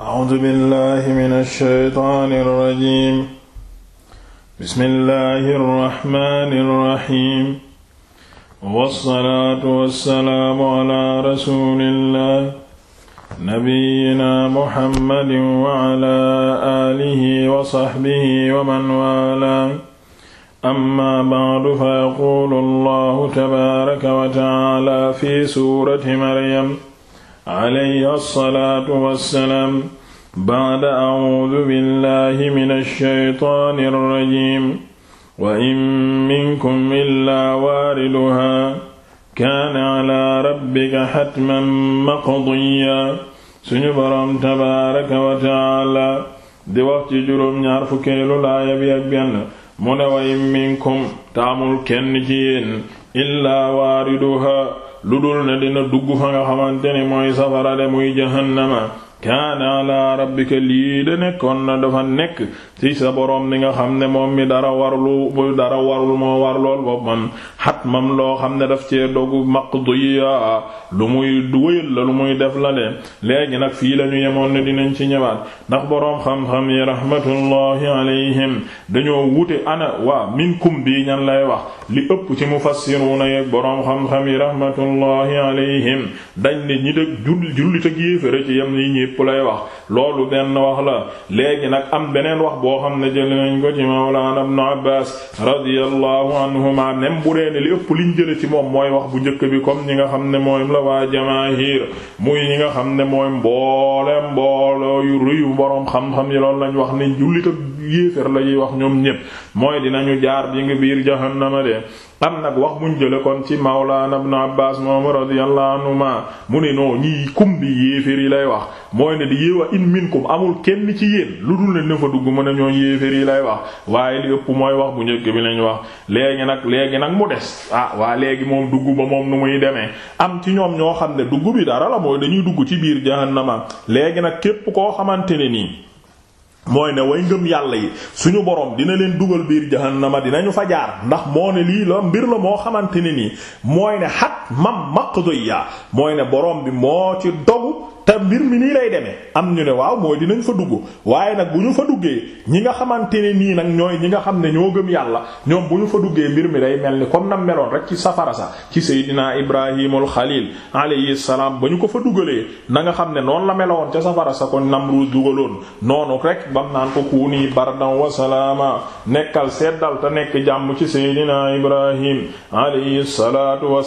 A'uuzu billaahi mina shaytaani rajiim. Bismillaahi rahmaani rahiim. Wassalaatu wassalaamu alaa rasuulillaahi nabiyyinaa Muhammadin wa alaa aalihi wa sahbihi wa man waalaah. Ammaa ba'du fa yaquulu Allaahu tabaaraka wa ta'aalaa fi suurati Maryam. alayhi alsalaatu wassalaam ba'da a'uudu billahi minash shaytaanir rajiim wa in minkum illaa waariduhaa kaana alaa rabbika xatman maqdiyaa suñu boroom tabaaraka wa taala di wax ci juróom ñaar fukkeelu laaya bi ak benn mu ne wa in minkum taamul kenn ci yéen illaa waariduha lu dul ne dina dugg fa nga xamante ne mooy safara de muy jahannama kaana ala rabbika lii de nekkoon na dafa nekk ci sa boroom ni nga xam ne moom mi dara warlu bu dara warul moo war lool boppam xatmam loo xam ne daf cee dogu maqdiya lu muy wëyal la lu muy def la de léegi nag fii la ñu yemoon ne dinañ ci ñëwaat ndax boroom xam-xam yi rahmatullahi alayhim dañoo wute ana waa minkum bi ñan lay wax li ëpp ci mufassiruna yeeg boroom xam-xam yi rahmatullahi alayhim dañ ne ñi de jullit ak yéefere ci yem yi lépp lay wax loolu benn wax la léegi nag am beneen wax boo xam ne jële nañ ko ci mawlaana ibnu abbaas radiyallahu anhuma nem bu dee ne li ëpp liñ jële ci moom mooy wax bu njëkk bi comme ñi nga xam ne mooy la waa jamaahir muy ñi nga xam ne mooy mboole mbooloo yu rëyu boroom xam-xam yi loolu lañ wax ne jullit yéefér la ñuy wax ñoom ñépp mooy dinañu jaar bi ngi biir jahannama de am nag wax mu jële kon ci mawlaana ibn abbas moom radiyallahu anhuma mu ne noo ñi bi yéefér yi lay wax mooy ne di yéewa in minkum amul kenn ci yéen lu dul ne nafa dugg mën a ñoo yéefér yi lay wax waaye li ëpp mooy wax bu njëkk bi lañ wax leegi nag léegi nag mu des ah waa léegi moom dugg ba moom nu muy demee am ci ñoom ñoo xam ne dugg bi dara la mooy dañuy dugg ci biir jahannama léegi nag képp koo ne nii mooy ne way ngëm yàlla yi suñu borom dina leen dugal biir jahannama dinañu fa jaar ndax moo ne lii la mbir la moo xamante ne nii mooy ne xat mam maqdiya mooy ne borom bi moo ci dogu te mbir mi nii lay demee am ñu ne waaw mooy dinañ fa dugg waaye nag bu ñu fa duggee ñi nga xamante ne nii nag ñooy ñi nga xam ne ñoo gëm yàlla ñoom bu ñu fa duggee mbir mi day mel ni comme nam meloon rek ci safara sa ci seydinaa ibrahimul xalil alayhi salaam ba ñu ko fa dugalee na nga xam ne noonu la meloon ca safara sa ko namru dugaloon noonu rek bam naan ko kuuni bardan wa salaama nekkal seddal te nekk jàmm ci seydinaa ibrahim alayhi salaatu wa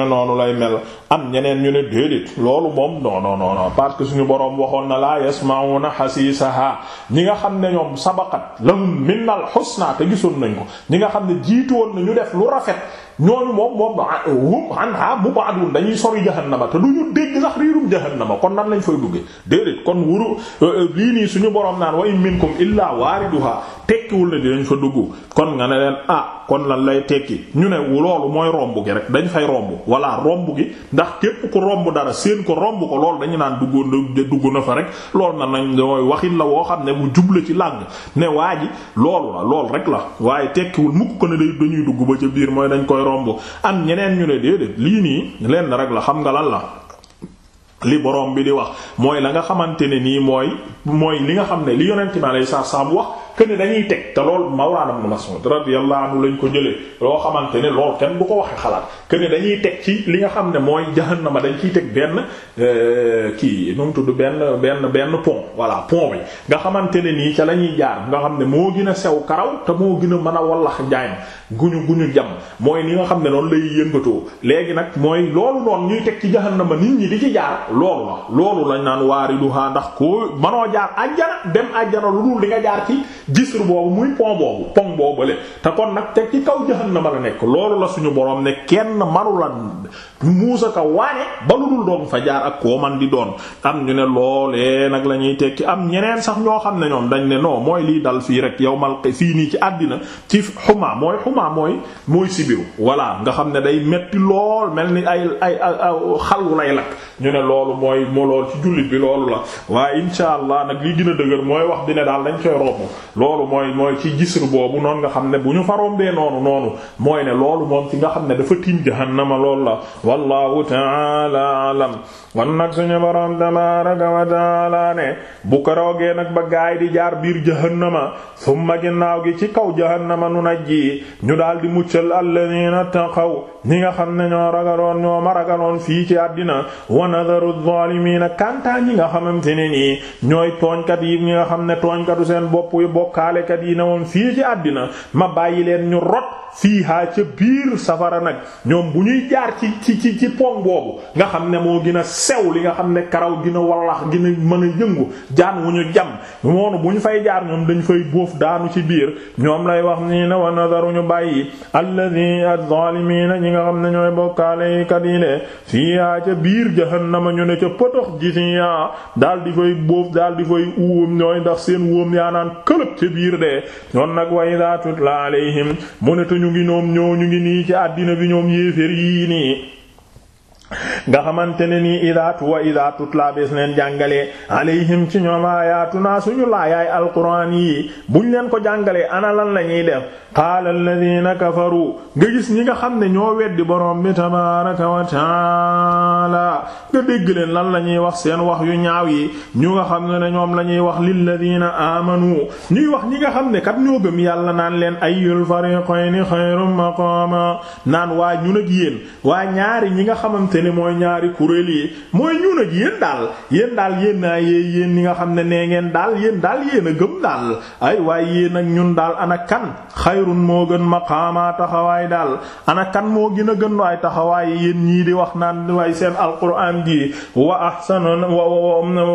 ne noonu lay mel am ñeneen ñu ne déedéet loolu moom non non non parce que suñu boroom waxoon na laa yasma'una hasisaha ñi nga xam ne ñoom sabakat la minnal husna te gisoon nañ ko ñi nga xam ne jiitu woon na ñu def lu rafet ñooñu moom moom ah, hum anha mubadun dañuy sori jahannama te duñu dégg sax riirum jahannama kon nan lañ fay duggee déedéet kon wuru euh, euh, lii nii suñu boroom naan wa in minkum illaa waariduha tekkiwul ne dinañ fa dugg kon nga ne leen ah kon lan lay tekki ñu ne loolu mooy romb gi rek dañ fay romb walla romb gi ndax képp ku romb dara seen ko romb ko loolu dañu naan duggoon dugg na fa rek loolu na nañ mooy waxin la woo xam ne bu jubla ci làng ne waa ji loolu la loolu rek la waaye tekkiwul mukk ko ne day dañuy dugg ba ca biir mooy dañ koy romb am ñeneen ñu ne déedéet lii nii lenn rek la xam nga lan la li borom bi di wax mooy la nga xamante ne nii mooy mooy li nga xam ne li yonent mi saa salaam wax këne dañuy teg te lool Mawlana Ibn Mas'ud radiyallahu anhu lañu ko jëlee loo xamante ne lool kenn bu ko waxee xalaat këne dañuy teg ci li nga xam ne mooy jahannama dañ ciy teg benn euh, kii nu tudd benn benn benn pont voilà pont nga xamante ne nii ca la ñuy jaar nga xam ne moo gën a sew karaw te moo a mën a wallax jaayam guñu guñu jam mooy ni nga xam ne noonu lay yëngatoo léegi nag mooy loolu noonu ñuy teg ci jahannama nit ñi di ci jaar loolu la loolu lañ naan waariduha ndax ko mënoo jaar àjjana dem àjjana lu dul di nga jaar ci gisru boobu muy pont boobu pont boobu le te kon nag te ci kaw ma la nekk loolu la suñu boroom ne kenn manu la muusa ka waane ba lu dul doon fa jaar ak koo man di doon am ñu ne loolee nag la ñuy tekki am ñeneen sax ñoo xam ne ñoom dañu ne noo mooy lii dal fii rek yow mal fii nii ci àddina ci xuma mooy xuma mooy mooy sibiru voilà nga xam ne day metti lool mel ni ay ay xalu lay lakk ñu ne loolu mooy moo lool ci jullit bi loolu la waaye insha allah nag li gën a mooy wax di daal dañ koy loolu mooy mooy ci jisr boobu noonu nga xam ne bu ñu faroom dee noonu noonu mooy ne loolu moom ci nga xam ne dafa tiim jahannama loolu la wallahu taala alam wan nag suñu borom tabaraka wa taala ne bu keroogee nag ba gaay di jaar biir jahannama summa ginnaaw gi ci kaw jahannama nu najji ñu daal di muccal alladina taqaw ñi nga xam ne ñoo ragaloon ñoo ma ragaloon fii ci àddina wa nadaru zalimina kantaa ñi nga xamante ne nii ñooy tooñkat yi ñi nga xam ne tooñkatu seen bopp yi bokkaalekat yi ne woon fii ci àddina ma bàyyi leen ñu rot fii haa ca biir safara nag ñoom bu ñuy jaar ci ci ci ci boobu nga xam ne moo gën a sew li nga xam ne karaw gën a wallax gën mën a yëngu jaan wu ñu bu ñu fay ñoom dañ fay bóof daanu ci biir ñoom lay wax nii ne wa nadaru ñu bàyyi alladhi az ñi nga xam ne ñooy bokkaalekat yi de fii haa ca biir jahannama ñu ne ca potox ji si yaa dal di fay bóof daal di fay uwum ñooy ndax seen uwum yaa naan këlëb jot biir de ñoon nag wa iza tutla alayhim mu ne te ñu ngi ñoom ñoo ñu ngi nii ci àddina bi ñoom yéefér yi nii nga xamante ne nii idaatu wa idaatu tutla bees leen jàngalee alayhim ci ñoom ayatuna suñu laayaay alquran yi buñ leen ko jàngalee ana lan la ñuy def qaala alladhina kafaru nga gis ñi nga xam ne ñoo weddi borom bi tabaaraka wa taala nga dégg leen lan la ñuy wax seen wax yu ñaaw yi ñu nga xam ne ñoom la ñuy wax lilladhina amanu ñuy wax ñi nga xam ne kat ñoo gëm yàlla naan leen ayyul fariqayni xayrun maqama naan waa ñun ak yéen waa ñaari ñi nga xamante ne mooy ñaari kuréel yi mooy ñun ak yéen daal yéen daal yéen naa yee yéen ñi nga xam ne nee ngeen daal yéen daal yéen a gëm daal ay waaye yéen ak ñun daal ana kan xayrun moo gën ma taxawaay daal ana kan moo gën a gën waay taxawaay yéen ñii di wax naan waay seen alquran gi wa ahsanu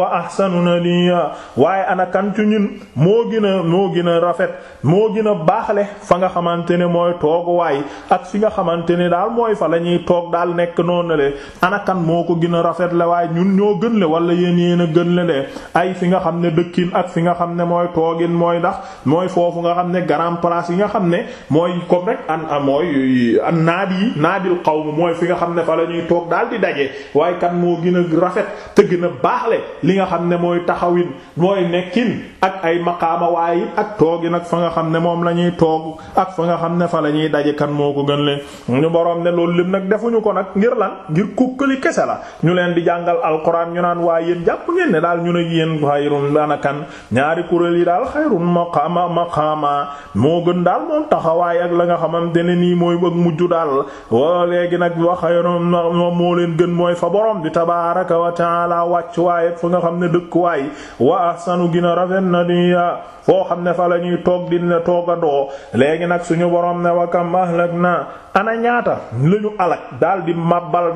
wa ahsanu nadiya waaye ana kan ci ñun moo gën a moo gën a rafet moo gën a baaxle fa nga xamante ne mooy tooguwaay ak fi nga xamante ne daal mooy fa la toog daal nekk noonu le le anakan moo ko gën a rafet le waaye ñun ñoo gën le wala yéen yéen a gën le de ay fi nga xam ne dëkkin ak fi nga xam ne mooy toogin mooy ndax mooy foofu nga xam ne grand place yi nga xam ne mooy comme rek an mooy an naad yi naadil qawm mooy fi nga xam ne fa la ñuy toog daal di daje waaye kan moo gën a rafet te gën a baaxle li nga xam ne mooy taxawin mooy nekkin ak ay maqaama waaye ak toogin ak fa nga xam ne moom la ñuy toog ak fa nga xam ne fa la ñuy daje kan moo ko gën le ñu borom ne loolu lépp nag defuñu ko nag ngir lan ngir kukkali kese la ñu leen di jàngal alquran ñu naan waa yéen jàpp ngeen ne daal ñu ne yéen xayrun lanakan ñaari kuréel yi daal ma xayrun maqama maqama moo gën daal moom taxawaay ak la nga xamante ne nii mooy ak mujj daal wa léegi nag wa xayrun moom moo leen gën mooy fa borom bi tabaraka wa laa wàcc waaye fa nga xam ne dëkk waay wa ahsanu gina rafet na diya foo xam ne fa la ñuy toog di ne toogandoo léegi nag suñu borom ne wa kam ahlakna ana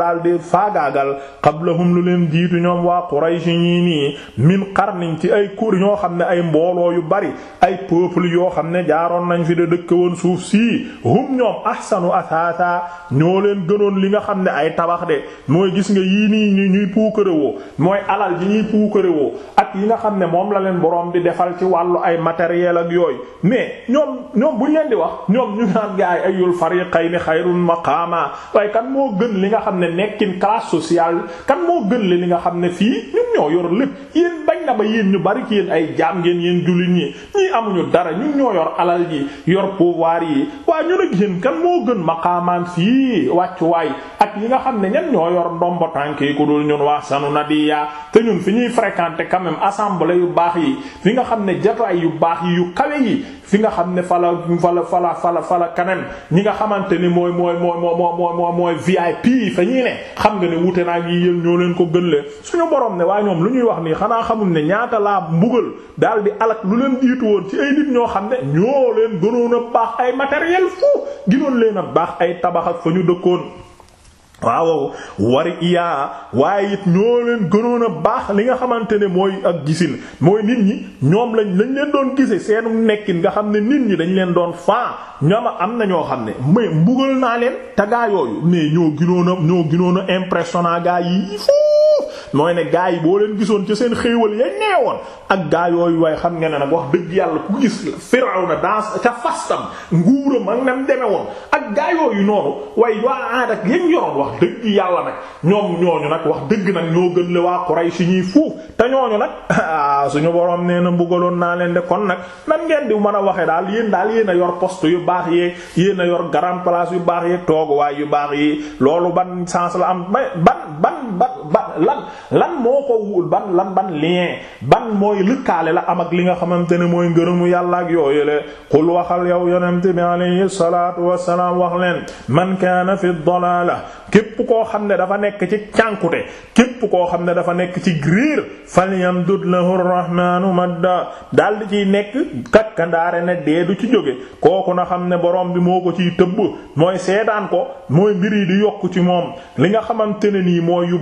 daal di faagaagal qablahum lu leen jiitu ñoom waa Quraysh ñii nii min qarnin ci ay kur ñoo xam ne ay mbooloo yu bari ay peuple yoo xam ne jaaroon nañ fi de dëkk woon suuf sii hum ñoom ahsanu asaasa ñoo leen gënoon li nga xam ne ay tabax de mooy gis nga yii nii ñu ñuy puukare puukarewoo mooy alal yi ñuy puukarewoo ak yi nga xam ne moom la leen boroom di defal ci wàllu ay matériel ak yooyu mais ñoom ñoom buñ leen di wax ñoom ñu naan gaay ayul fariqayni xayrun nekkin classe social kan moo gën le li nga xam ne fii ñun ñoo yor lépp yéen bañ na ba yéen ñu bari ci ay jaam ngeen yéen jullit ñi ñii amuñu dara ñun ñoo yor alal yi yor pouvoir yi waa ñun ak yéen kan moo gën maqaamaan fii wàccuwaay ak yi nga xam ne ñan ñoo yor ndombo tànk yi ku dul ñun waa sanu nadiya te ñun fi ñuy fréquenter quand même yu baax yi fi nga xam ne ay yu baax yi yu kawe yi fi nga xam ne fala fala fala fala fala kanam ñi nga xamante ni mooy mooy mooy mooy mooy mooy mooy VIP fa ñuy ne xam nga ne wute naa yi yéen ñoo leen ko gën leen suñu borom ne waaye ñoom lu ñuy wax nii xanaa xamul ne ñaata laa mbugal daal di alak lu leen jiitu woon ci ay nit ñoo xam ne ñoo leen gënoon a baax ay matériel fu ginoon leen a baax ay tabax ak fa ñu dëkkoon waaw wari iyaa waaye it ñoo leen gënoon a baax li nga xamante ne mooy ak gisin mooy nit ñi ñoom lañ lañ leen doon gise seenu nekkin nga xam ne nit ñi dañ leen doon faa ñama am na ñoo xam ne mais mbugal naa leen te gaa yooyu mais ñoo ginoon a ñoo ginoon a impressionnant gaa yi mooy ne gaa yi boo leen gisoon ci seen xéewal ya neewoon ak gaa yooyu waaye xam nga ne nag wax dëgg yàlla ku gis Firawna dans fastam nguuram ak nam ak gaa yooyu noonu waaye waa aad ak yéen nag ñoom ñooñu nag wax dëgg nag ñoo gën le waa Quraysh ñuy fuuf te nag ah, suñu borom nee na mbugaloon naa leen de kon nag nan ngeen di mën a waxee daal yéen daal yéen a yor post yu baax yeeg yéen a yor grand place yu baax yee tooguwaay yu baax yi loolu ban sens la am ban ban ban ban lan lan moo ko wul ban lan ban lien ban mooy lëkkaale la am ak li nga xamante ne mooy ngërëmu yàlla ak yooyu le waxal yow yonent bi alayhi salaatu wassalaam wax leen man kaana fi dalaala képp koo xam ne dafa nekk ci cànkute képp koo xam ne dafa nekk ci griir la lahu rahmaanu madda daldi ciy nekk kakkandaare ne dee du ci jóge kooku na xam ne borom bi moo ko ciy tëbb mooy seedaan ko mooy mbir yi di yokk ci moom li nga xamante ne nii mooy yu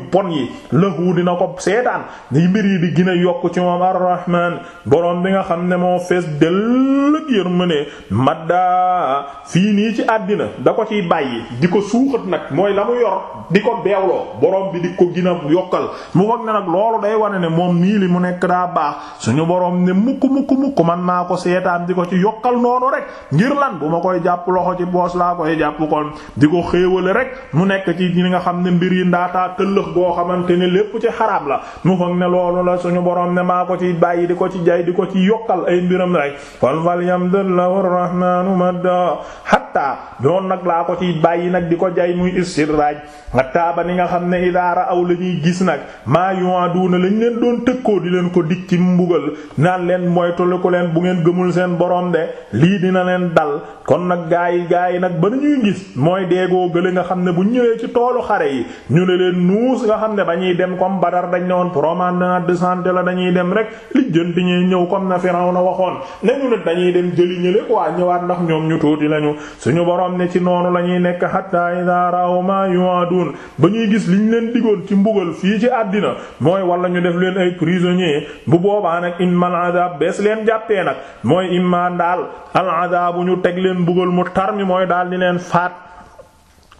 lahu dina ko seetaan ni mbir yi di gën yokk ci moom arrahman borom bi nga xam ne moo fees ma yërmande madda fii nii ci àddina da ko ciy bàyyi di ko suuxat nag mooy la mu yor di ko beewloo borom bi di ko gën a yokkal mu foog ne nag loolu day wane ne moom nii li mu nekk daa baax suñu borom ne mukk mukk mukk man naa ko seetaan di ko ci yokkal noonu rek ngir lan bu ma koy jàpp loxo ci boos laa koy jàpp kon di ko xéewale rek mu nekk ci ñi nga xam ko ci xaraam la mu foog ne loolu la suñu borom ne maa ko ci bàyyi di ko ci jay di ko ci yokkal ay mbiram rek fal fal yamdullahu rahmanu madda hatta doon nag laa ko ci bàyyi nag di ko jay muy raj hatta ba ni nga xam ne idaara aw la ñuy gis nag maa yu'aduna lañ leen doon tëkkoo di leen ko dik ci mbugal naan leen moytuli ko leen bu ngeen gëmul seen borom de lii dina leen dal kon nag gaa yi yi nag ba ñuy gis mooy deegoo gële xam ne bu ñëwee ci toolu xare yi ñu ne nga xam ne ba dem comme Badar dañ ne woon promenade de santé la dañuy dem rek li jënt ñuy ñëw comme na Firawna waxoon nañu nag dañuy dem jëli ñële waa ñëwaat ndax ñoom ñu tuuti lañu suñu borom ne ci noonu la ñuy nekk hatta idha ra'aw ma yu'adun ba ñuy gis liñ leen digoon ci mbugal fii ci àddina mooy wala ñu def leen ay prisonnier bu boobaa nag immal adab bees leen jàppee nag mooy imma daal al adabu ñu teg leen mbugal mu tar mi mooy daal di leen faat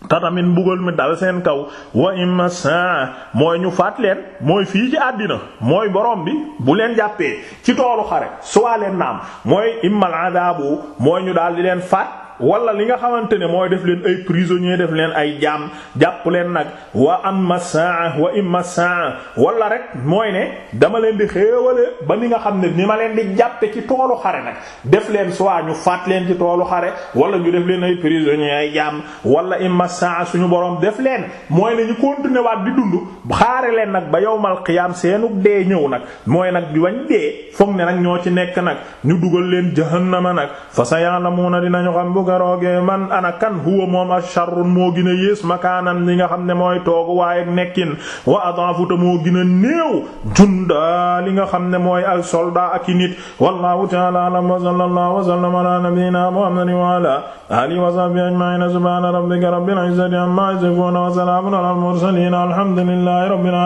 te tamit mbugal mi dal seen kaw wa imma saa mooy ñu faat leen mooy fii ci àddina mooy borom bi bu leen jàppee ci toolu xare suwaa leen naam mooy immal adabu mooy ñu daal leen faat wala li nga xamante ne mooy def leen ay prisonnier def leen ay jaam jàpp leen nag wa am saa wa imma saa wala rek mooy ne dama leen di xéewale ba ni nga xam ne ni ma leen di jàppe ci toolu xare nag def leen soit ñu faat leen ci toolu xare wala ñu def leen ay prisonnier ay jaam wala imma saa suñu boroom def leen mooy ne ñu continuer waat di dund xaare leen nag ba yowmal qiyaam seenu dee ñëw nag mooy nag bi wañ dee foog ne nag ñoo ci nekk nag ñu dugal leen jahannama nag fa bu garoogee man ana kan huwa moom asharrun moo gën a yées makaanan li nga xam ne mooy toogu waaye nekkin wa adafu ta moo gën a néew junda li nga xam ne mooy ay soldat ak i nit wallahu ta'ala a'lam wa sallallahu wa sallama ala nabiyyina muhammadin wa ala alihi wa sahbihi ajma'in subhana rabbika rabbil izzati amma yasifun wa salamun ala al mursalin alhamdulillahi rabbil alamin